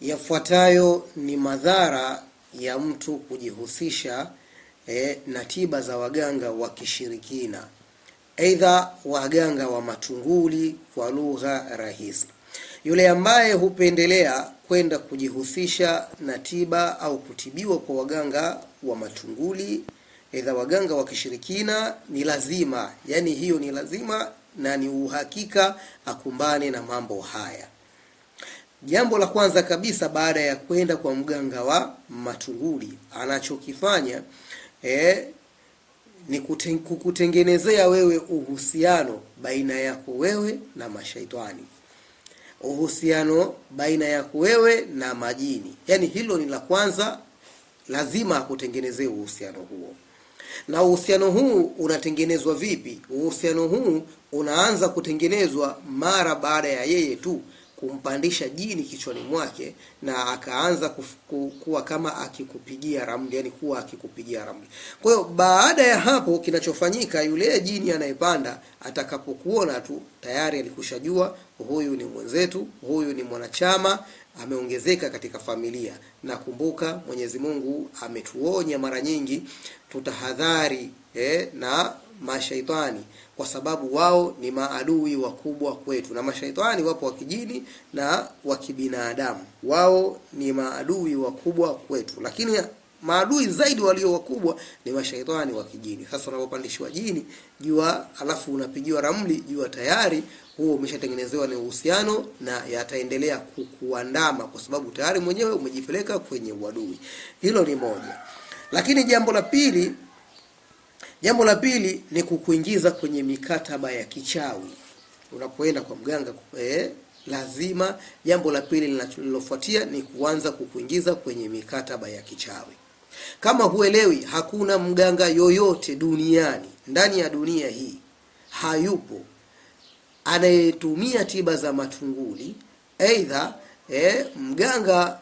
Yafuatayo ni madhara ya mtu kujihusisha eh, na tiba za waganga wa kishirikina, aidha waganga wa matunguli kwa lugha rahisi. Yule ambaye hupendelea kwenda kujihusisha na tiba au kutibiwa kwa waganga wa matunguli, aidha waganga wa kishirikina, ni lazima, yani hiyo ni lazima na ni uhakika akumbane na mambo haya. Jambo la kwanza kabisa baada ya kwenda kwa mganga wa matunguli, anachokifanya eh, ni kukutengenezea wewe uhusiano baina yako wewe na mashaitani, uhusiano baina yako wewe na majini. Yaani hilo ni la kwanza, lazima akutengenezee uhusiano huo. Na uhusiano huu unatengenezwa vipi? Uhusiano huu unaanza kutengenezwa mara baada ya yeye tu kumpandisha jini kichwani mwake na akaanza kufu, kuwa kama akikupigia ramli, yani kuwa akikupigia ramli. Kwa hiyo baada ya hapo, kinachofanyika yule jini anayepanda atakapokuona tu tayari alikushajua huyu ni mwenzetu, huyu ni mwanachama ameongezeka katika familia. Na kumbuka Mwenyezi Mungu ametuonya mara nyingi tutahadhari, eh, na mashaitani kwa sababu wao ni maadui wakubwa kwetu, na mashaitani wapo wa kijini na wa kibinadamu. Wao ni maadui wakubwa kwetu, lakini maadui zaidi walio wakubwa ni mashaitani wa kijini. Sasa unapopandishwa jini jua, alafu unapigiwa ramli jua, tayari huo umeshatengenezewa ni uhusiano na yataendelea kukuandama, kwa sababu tayari mwenyewe umejipeleka kwenye uadui. Hilo ni moja, lakini jambo la pili Jambo la pili ni kukuingiza kwenye mikataba ya kichawi unapoenda kwa mganga eh, lazima. Jambo la pili linalofuatia ni kuanza kukuingiza kwenye mikataba ya kichawi. Kama huelewi, hakuna mganga yoyote duniani, ndani ya dunia hii hayupo anayetumia tiba za matunguli, aidha eh, mganga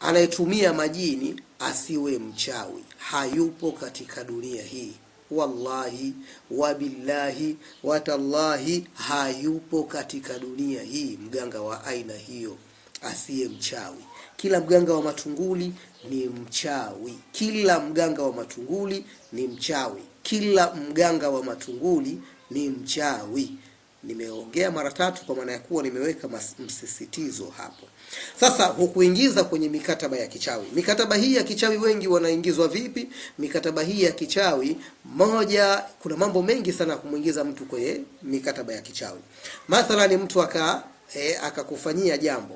anayetumia majini asiwe mchawi, hayupo katika dunia hii wallahi wabillahi watallahi, hayupo katika dunia hii mganga wa aina hiyo asiye mchawi. Kila mganga wa matunguli ni mchawi, kila mganga wa matunguli ni mchawi, kila mganga wa matunguli ni mchawi. Nimeongea mara tatu kwa maana ya kuwa nimeweka msisitizo hapo. Sasa hukuingiza kwenye mikataba ya kichawi. Mikataba hii ya kichawi wengi wanaingizwa vipi? Mikataba hii ya kichawi moja, kuna mambo mengi sana kumwingiza mtu kwenye mikataba ya kichawi. Mathalani mtu aka e, akakufanyia jambo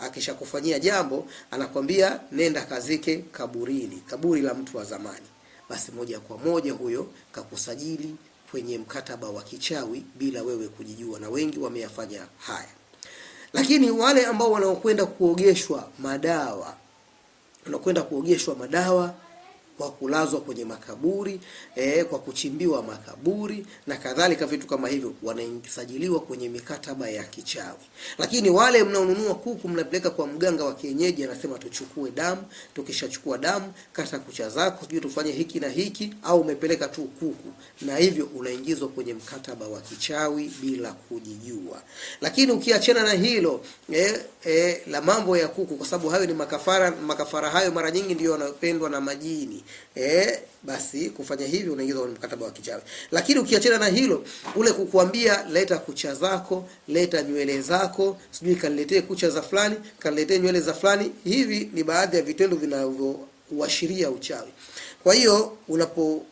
akishakufanyia jambo anakwambia nenda kazike kaburini, kaburi la mtu wa zamani. Basi moja kwa moja huyo kakusajili kwenye mkataba wa kichawi bila wewe kujijua, na wengi wameyafanya haya. Lakini wale ambao wanaokwenda kuogeshwa madawa, wanakwenda kuogeshwa madawa kwa kulazwa kwenye makaburi eh, kwa kuchimbiwa makaburi na kadhalika, vitu kama hivyo, wanasajiliwa kwenye mikataba ya kichawi. Lakini wale mnaonunua kuku mnapeleka kwa mganga wa kienyeji, anasema tuchukue damu, tukishachukua damu kata kucha zako, sijui tufanye hiki na hiki, au umepeleka tu kuku, na hivyo unaingizwa kwenye mkataba wa kichawi bila kujijua. Lakini ukiachana na hilo eh, eh, la mambo ya kuku, kwa sababu hayo ni makafara. Makafara hayo mara nyingi ndio yanapendwa na majini eh, basi kufanya hivi unaingiza kwenye mkataba wa kichawi. Lakini ukiachana na hilo, ule kukuambia leta kucha zako, leta nywele zako, sijui kaniletee kucha za fulani, kaniletee nywele za fulani, hivi ni baadhi ya vitendo vinavyoashiria uchawi. Kwa hiyo unapo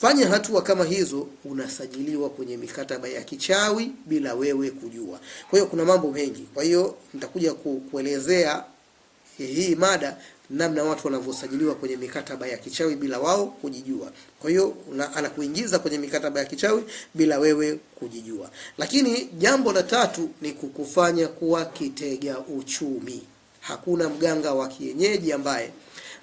fanya hatua kama hizo, unasajiliwa kwenye mikataba ya kichawi bila wewe kujua. Kwa hiyo kuna mambo mengi, kwa hiyo nitakuja kuelezea hii mada namna watu wanavyosajiliwa kwenye mikataba ya kichawi bila wao kujijua. Kwa hiyo anakuingiza kwenye mikataba ya kichawi bila wewe kujijua. Lakini jambo la tatu ni kukufanya kuwa kitega uchumi. Hakuna mganga wa kienyeji ambaye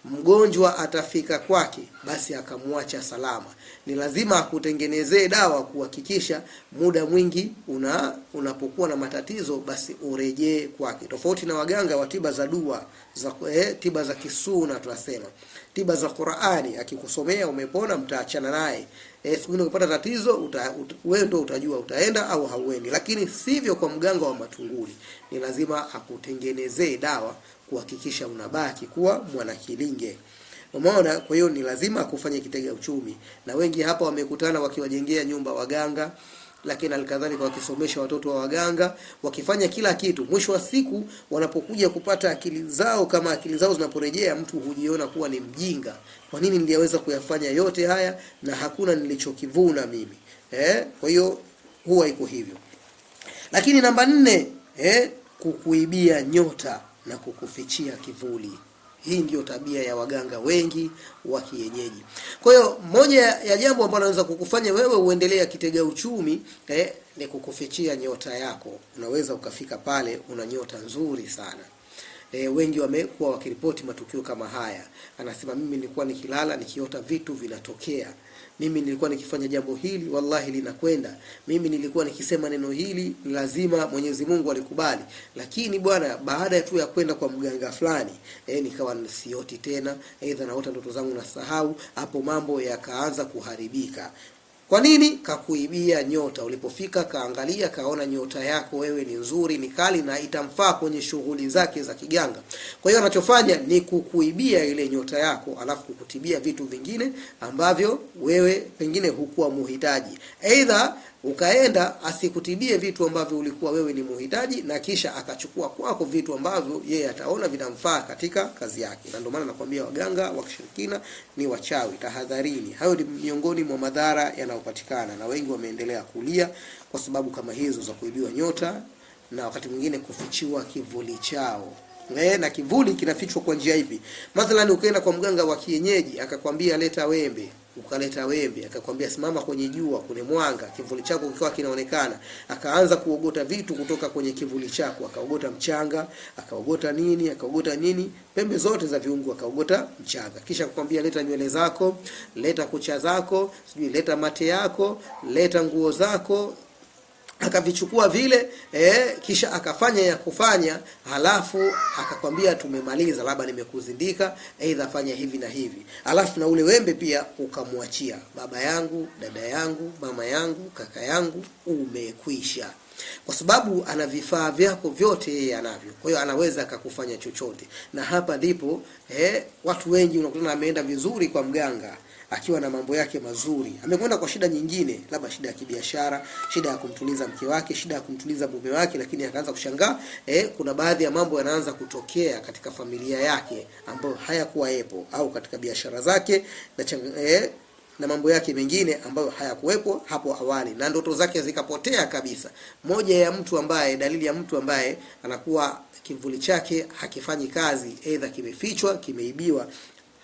mgonjwa atafika kwake, basi akamwacha salama. Ni lazima akutengenezee dawa kuhakikisha muda mwingi una unapokuwa na matatizo, basi urejee kwake, tofauti na waganga wa tiba za dua za eh, tiba za kisuna tunasema tiba za Qur'ani. Akikusomea umepona, mtaachana naye e, siku ile ukipata tatizo uta, ut, wewe ndio utajua utaenda au hauendi. Lakini sivyo kwa mganga wa matunguli, ni lazima akutengenezee dawa kuhakikisha unabaki kuwa mwanakilinge. Umeona? Kwa hiyo ni lazima akufanye kitega uchumi, na wengi hapa wamekutana wakiwajengea nyumba waganga lakini alikadhalika wakisomesha watoto wa waganga, wakifanya kila kitu. Mwisho wa siku wanapokuja kupata akili zao, kama akili zao zinaporejea, mtu hujiona kuwa ni mjinga. Kwa nini niliweza kuyafanya yote haya na hakuna nilichokivuna mimi eh? Kwa hiyo huwa iko hivyo. Lakini namba nne, eh, kukuibia nyota na kukufichia kivuli. Hii ndiyo tabia ya waganga wengi wa kienyeji. Kwa hiyo moja ya jambo ambalo naweza kukufanya wewe uendelee kitega uchumi eh, ni kukufichia nyota yako. Unaweza ukafika pale una nyota nzuri sana. E, wengi wamekuwa wakiripoti matukio kama haya. Anasema mimi nilikuwa nikilala nikiota vitu vinatokea mimi nilikuwa nikifanya jambo hili, wallahi linakwenda. Mimi nilikuwa nikisema neno hili, lazima Mwenyezi Mungu alikubali. Lakini bwana, baada ya tu ya kwenda kwa mganga fulani e, nikawa sioti tena, aidha naota ndoto zangu nasahau. Hapo mambo yakaanza kuharibika. Kwa nini? Kakuibia nyota. Ulipofika kaangalia, kaona nyota yako wewe ni nzuri, ni kali na itamfaa kwenye shughuli zake za kiganga. Kwa hiyo anachofanya ni kukuibia ile nyota yako, alafu kukutibia vitu vingine ambavyo wewe pengine hukuwa muhitaji. Aidha ukaenda asikutibie vitu ambavyo ulikuwa wewe ni muhitaji, na kisha akachukua kwako vitu ambavyo yeye ataona vinamfaa katika kazi yake. Na ndio maana nakwambia waganga wa kishirikina ni wachawi, tahadharini. Hayo ni miongoni mwa madhara yanayopatikana, na wengi wameendelea kulia kwa sababu kama hizo za kuibiwa nyota na wakati mwingine kufichiwa kivuli chao. E, na kivuli kinafichwa kwa njia ipi? Mathalan, ukienda kwa mganga wa kienyeji akakwambia leta wembe ukaleta wembe, akakwambia simama kwenye jua, kwenye mwanga, kivuli chako kikawa kinaonekana. Akaanza kuogota vitu kutoka kwenye kivuli chako, akaogota mchanga, akaogota nini, akaogota nini, pembe zote za viungu, akaogota mchanga, kisha akakwambia leta nywele zako, leta kucha zako, sijui leta mate yako, leta nguo zako akavichukua vile eh, kisha akafanya ya kufanya, halafu akakwambia tumemaliza, labda nimekuzindika, aidha fanya hivi na hivi, halafu na ule wembe pia ukamwachia, baba yangu, dada yangu, mama yangu, kaka yangu, umekwisha kwa sababu ana vifaa vyako vyote yeye anavyo, kwa hiyo anaweza akakufanya chochote. Na hapa ndipo eh, watu wengi unakutana ameenda vizuri kwa mganga akiwa na mambo yake mazuri. Amekwenda kwa shida nyingine, labda shida ya kibiashara, shida ya kumtuliza mke wake, shida ya kumtuliza mume wake, lakini akaanza kushangaa eh, kuna baadhi ya mambo yanaanza kutokea katika familia yake ambayo hayakuwaepo au katika biashara zake na chang, eh, na mambo yake mengine ambayo hayakuwepo hapo awali, na ndoto zake zikapotea kabisa. Moja ya mtu ambaye, dalili ya mtu ambaye anakuwa kivuli chake hakifanyi kazi, aidha kimefichwa, kimeibiwa,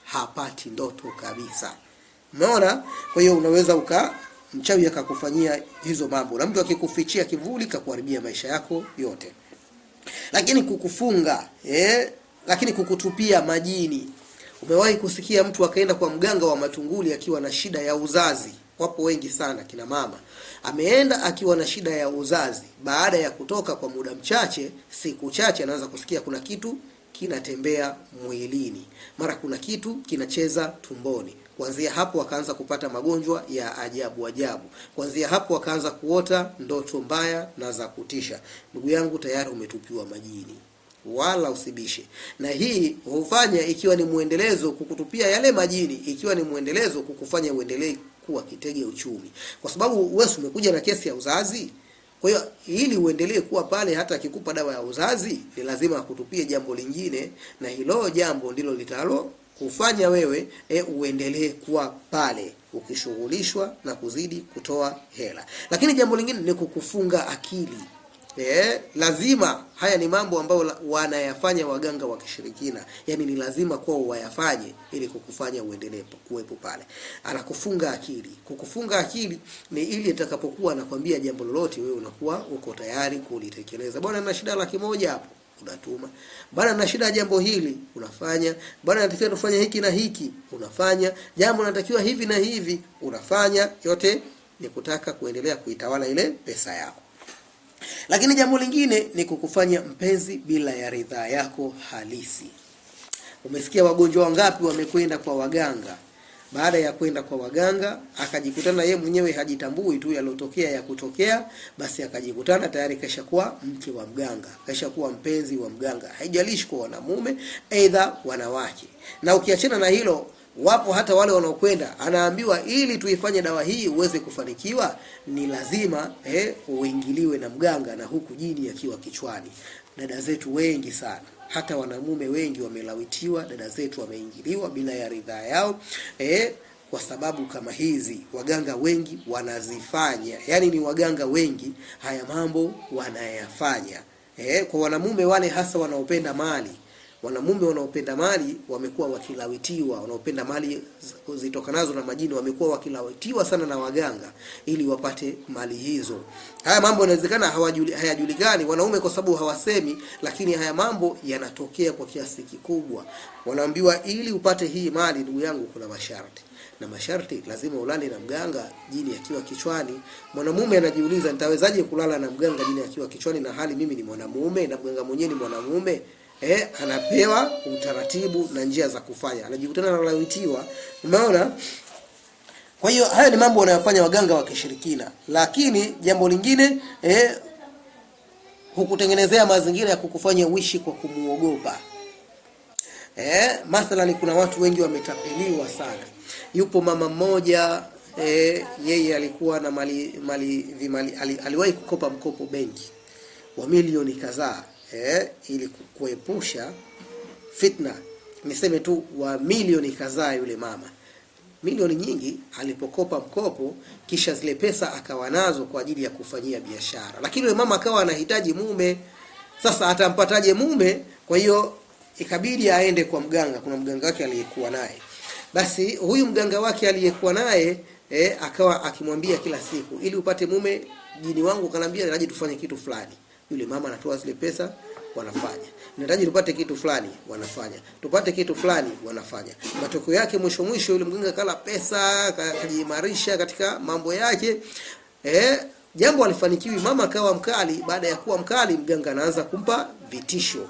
hapati ndoto kabisa. Umeona? Kwa hiyo unaweza uka mchawi akakufanyia hizo mambo, na mtu akikufichia kivuli kakuharibia maisha yako yote. Lakini kukufunga eh, lakini kukutupia majini. Umewahi kusikia mtu akaenda kwa mganga wa matunguli akiwa na shida ya uzazi? Wapo wengi sana kina mama, ameenda akiwa na shida ya uzazi. Baada ya kutoka kwa muda mchache, siku chache, anaanza kusikia kuna kitu kinatembea mwilini, mara kuna kitu kinacheza tumboni. Kuanzia hapo wakaanza kupata magonjwa ya ajabu ajabu. Kuanzia hapo wakaanza kuota ndoto mbaya na za kutisha. Ndugu yangu, tayari umetupiwa majini, wala usibishe. Na hii hufanya ikiwa ni mwendelezo kukutupia yale majini, ikiwa ni mwendelezo kukufanya uendelee kuwa kitege uchumi, kwa sababu wewe umekuja na kesi ya uzazi. Kwa hiyo ili uendelee kuwa pale, hata akikupa dawa ya uzazi, ni lazima akutupie jambo lingine, na hilo jambo ndilo litalo kufanya wewe e, uendelee kuwa pale ukishughulishwa na kuzidi kutoa hela. Lakini jambo lingine ni kukufunga akili. E, lazima haya ni mambo ambayo wanayafanya waganga wa kishirikina, yani ni lazima kwao wayafanye ili kukufanya uendelee kuwepo pale. Anakufunga akili. Kukufunga akili ni ili atakapokuwa anakwambia jambo lolote, wewe unakuwa uko tayari kulitekeleza. Bwana, na shida laki moja hapo unatuma. bana, na shida ya jambo hili unafanya. bana, natakiwa tufanye hiki na hiki unafanya. Jambo natakiwa hivi na hivi unafanya. Yote ni kutaka kuendelea kuitawala ile pesa yako. Lakini jambo lingine ni kukufanya mpenzi bila ya ridhaa yako halisi. Umesikia wagonjwa wangapi wamekwenda kwa waganga baada ya kwenda kwa waganga, akajikutana ye mwenyewe hajitambui tu yalotokea ya kutokea, basi akajikutana tayari kesha kuwa mke wa mganga, kesha kuwa mpenzi wa mganga, haijalishi kwa wanamume aidha wanawake. Na ukiachana na hilo wapo hata wale wanaokwenda, anaambiwa ili tuifanye dawa hii uweze kufanikiwa ni lazima eh, uingiliwe na mganga, na huku jini akiwa kichwani. Dada zetu wengi sana hata wanamume wengi wamelawitiwa, dada zetu wameingiliwa bila ya ridhaa yao eh, kwa sababu kama hizi waganga wengi wanazifanya, yaani ni waganga wengi haya mambo wanayafanya eh, kwa wanamume wale hasa wanaopenda mali Wanamume wanaopenda mali wamekuwa wakilawitiwa, wanaopenda mali zitokanazo na majini wamekuwa wakilawitiwa sana na waganga ili wapate mali hizo. Haya mambo yanawezekana hayajulikani wanaume kwa sababu hawasemi, lakini haya mambo yanatokea kwa kiasi kikubwa. Wanaambiwa ili upate hii mali, ndugu yangu, kuna masharti na masharti lazima ulale na mganga jini akiwa kichwani. Mwanamume anajiuliza, nitawezaje kulala na mganga jini akiwa kichwani, na hali mimi ni mwanamume na mganga mwenyewe ni mwanamume? eh, anapewa utaratibu na njia za kufanya, anajikutana na walawitiwa. Umeona? Kwa hiyo haya ni mambo wanayofanya waganga wa kishirikina, lakini jambo lingine eh, hukutengenezea mazingira ya kukufanya uishi kwa kumuogopa. Eh, mathalani kuna watu wengi wametapeliwa sana. Yupo mama mmoja eh, yeye alikuwa na mali, mali, vimali, ali, aliwahi kukopa mkopo benki wa milioni kadhaa eh, ili kuepusha fitna. Niseme tu wa milioni kadhaa, yule mama milioni nyingi alipokopa mkopo, kisha zile pesa akawa nazo kwa ajili ya kufanyia biashara, lakini yule mama akawa anahitaji mume. Sasa atampataje mume? Kwa hiyo ikabidi aende kwa mganga. Kuna mganga wake aliyekuwa naye, basi huyu mganga wake aliyekuwa naye eh, akawa akimwambia kila siku, ili upate mume, jini wangu kanambia, naje tufanye kitu fulani. Yule mama anatoa zile pesa, wanafanya. Inahitaji tupate kitu fulani, wanafanya. Tupate kitu fulani, wanafanya. Matokeo yake mwisho mwisho yule mganga kala pesa, kajiimarisha katika mambo yake. Eh, jambo alifanikiwi, mama akawa mkali. Baada ya kuwa mkali, mganga anaanza kumpa vitisho.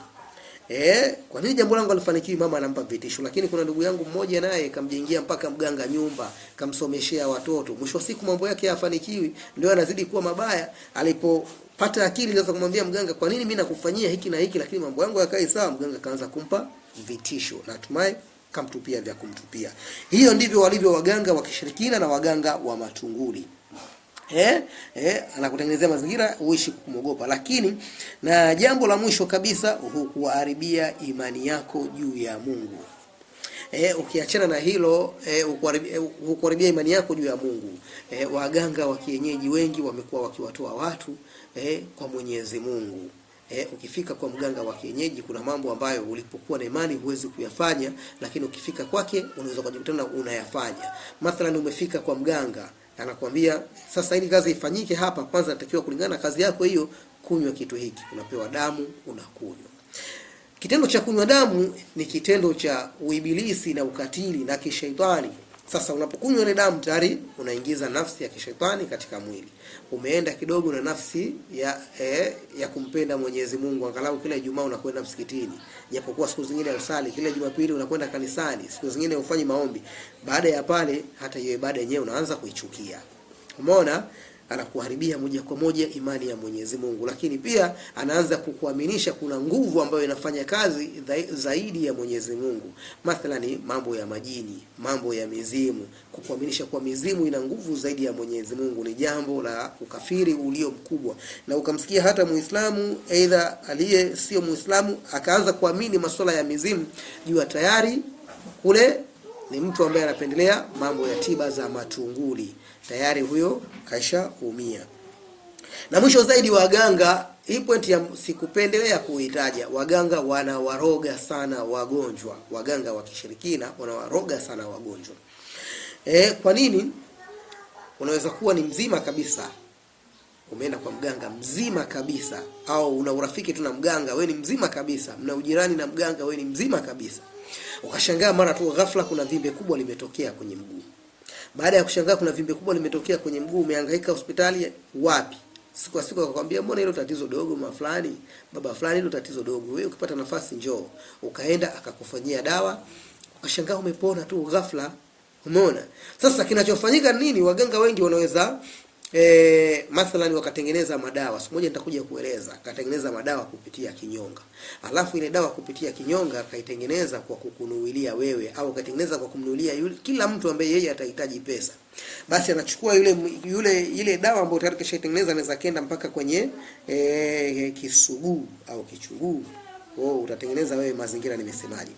Eh, kwa nini jambo langu alifanikiwi? Mama anampa vitisho. Lakini kuna ndugu yangu mmoja naye kamjengia mpaka mganga nyumba, kamsomeshea watoto. Mwisho wa siku mambo yake yafanikiwi ndio anazidi kuwa mabaya alipo pata akili naweza kumwambia mganga, kwa nini mimi nakufanyia hiki na hiki lakini mambo yangu yakae sawa? Mganga kaanza kumpa vitisho na hatimaye kamtupia vya kumtupia. Hiyo ndivyo walivyo waganga wa kishirikina na waganga wa matunguli. Eh, eh, anakutengenezea mazingira uishi kumogopa Lakini na jambo la mwisho kabisa, hukuharibia imani yako juu ya Mungu eh, ukiachana na hilo eh, ukuharibia imani yako juu ya Mungu. Eh, waganga wa kienyeji wengi wamekuwa wakiwatoa watu eh, kwa Mwenyezi Mungu. Eh, ukifika kwa mganga wa kienyeji kuna mambo ambayo ulipokuwa na imani huwezi kuyafanya, lakini ukifika kwake unaweza kujikutana unayafanya. Mathalan, umefika kwa mganga anakwambia sasa, ili kazi ifanyike hapa, kwanza natakiwa kulingana na kazi yako hiyo, kunywa kitu hiki. Unapewa damu unakunywa. Kitendo cha kunywa damu ni kitendo cha uibilisi na ukatili na kishaitani. Sasa unapokunywa ile damu tayari unaingiza nafsi ya kishetani katika mwili, umeenda kidogo na nafsi ya eh, ya kumpenda Mwenyezi Mungu. Angalau kila Ijumaa unakwenda msikitini, japokuwa siku zingine usali, kila Jumapili unakwenda kanisani, siku zingine ufanye maombi. Baada ya pale, hata hiyo ibada yenyewe unaanza kuichukia. Umeona? anakuharibia moja kwa moja imani ya Mwenyezi Mungu, lakini pia anaanza kukuaminisha kuna nguvu ambayo inafanya kazi zaidi ya Mwenyezi Mungu, mathalani mambo ya majini, mambo ya mizimu. Kukuaminisha kwa mizimu ina nguvu zaidi ya Mwenyezi Mungu ni jambo la ukafiri ulio mkubwa, na ukamsikia hata Muislamu aidha aliye sio Muislamu akaanza kuamini masuala ya mizimu, jua tayari kule ni mtu ambaye anapendelea mambo ya tiba za matunguli, tayari huyo kashaumia. Na mwisho zaidi, waganga, hii point ya sikupendelea kuitaja, waganga wanawaroga sana wagonjwa. Waganga wa kishirikina wanawaroga sana wagonjwa. E, kwa nini? Unaweza kuwa ni mzima kabisa umeenda kwa mganga mzima kabisa, au una urafiki tu na mganga, we ni mzima kabisa, mna ujirani na mganga, we ni mzima kabisa Ukashangaa mara tu ghafla kuna vimbe kubwa limetokea kwenye mguu. Baada ya kushangaa kuna vimbe kubwa limetokea kwenye mguu, umehangaika hospitali wapi? Siku siku akakwambia, mbona hilo tatizo dogo, mama fulani, baba fulani, hilo tatizo dogo, wewe ukipata nafasi njoo. Ukaenda akakufanyia dawa, ukashangaa umepona tu ghafla. Umeona? Sasa kinachofanyika nini? Waganga wengi wanaweza E, mathalani wakatengeneza madawa, siku moja nitakuja kueleza. Akatengeneza madawa kupitia kinyonga, alafu ile dawa kupitia kinyonga akaitengeneza kwa kukunuilia wewe, au akatengeneza kwa kumnuilia yule, kila mtu ambaye yeye atahitaji pesa, basi anachukua yule yule ile dawa ambayo tayari kishaitengeneza, anaweza kenda mpaka kwenye e, kisuguu au kichuguu Oh, utatengeneza wewe mazingira, nimesemaje?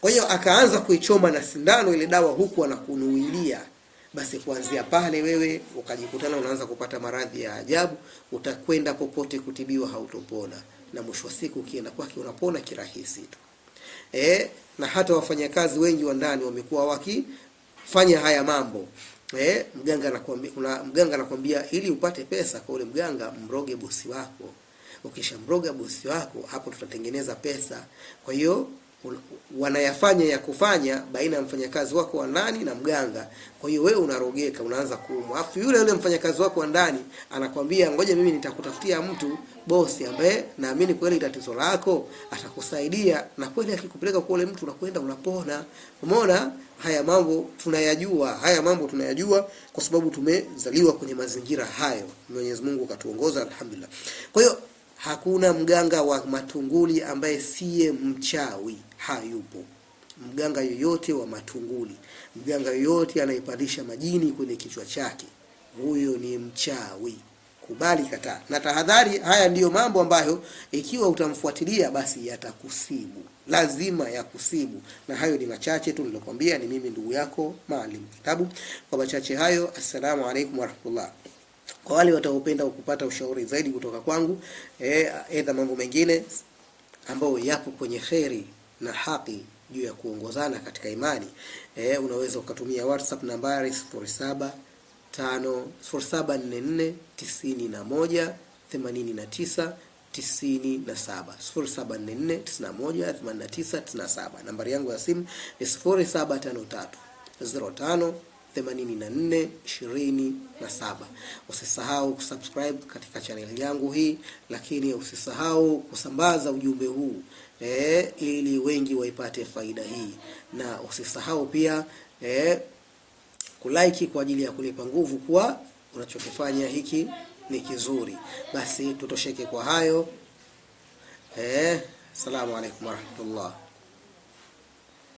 Kwa hiyo akaanza kuichoma na sindano ile dawa, huku anakunuilia basi kuanzia pale wewe ukajikutana unaanza kupata maradhi ya ajabu, utakwenda popote kutibiwa, hautopona na mwisho wa siku ukienda kwake unapona kirahisi tu. E, na hata wafanyakazi wengi wa ndani wamekuwa wakifanya haya mambo. E, mganga anakuambia, mganga anakuambia ili upate pesa kwa ule mganga, mroge bosi wako. Ukishamroga bosi wako, hapo tutatengeneza pesa. Kwa hiyo wanayafanya ya kufanya baina ya mfanyakazi wako wa ndani na mganga. Kwa hiyo wewe unarogeka, unaanza kuumwa, afu yule yule mfanyakazi wako wa ndani anakwambia ngoja mimi nitakutafutia mtu bosi ambaye naamini kweli tatizo lako atakusaidia, na kweli akikupeleka kwa ule mtu unakwenda unapona. Umeona, haya mambo tunayajua, haya mambo tunayajua kwa sababu tumezaliwa kwenye mazingira hayo. Mwenyezi Mungu katuongoza, alhamdulillah. Kwa hiyo Hakuna mganga wa matunguli ambaye siye mchawi, hayupo mganga yoyote wa matunguli. Mganga yoyote anayepandisha majini kwenye kichwa chake, huyo ni mchawi. Kubali, kata na tahadhari. Haya ndiyo mambo ambayo ikiwa utamfuatilia basi yatakusibu, lazima yakusibu. Na hayo ni machache tu nilokwambia. Ni mimi ndugu yako Maalim Kitabu, kwa machache hayo. Assalamu alaikum warahmatullah. Kwa wale wataopenda kupata ushauri zaidi kutoka kwangu, edha eh, mambo mengine ambayo yapo kwenye kheri na haki juu ya kuongozana katika imani e, unaweza ukatumia WhatsApp nambari 07 Nambari yangu ya simu ni 0753 05 84 Usisahau kusubscribe katika channel yangu hii, lakini usisahau kusambaza ujumbe huu e, ili wengi waipate faida hii, na usisahau pia e, kulike kwa ajili ya kulipa nguvu kuwa unachokifanya hiki ni kizuri. Basi tutosheke kwa hayo. Eh, assalamu alaikum warahmatullah.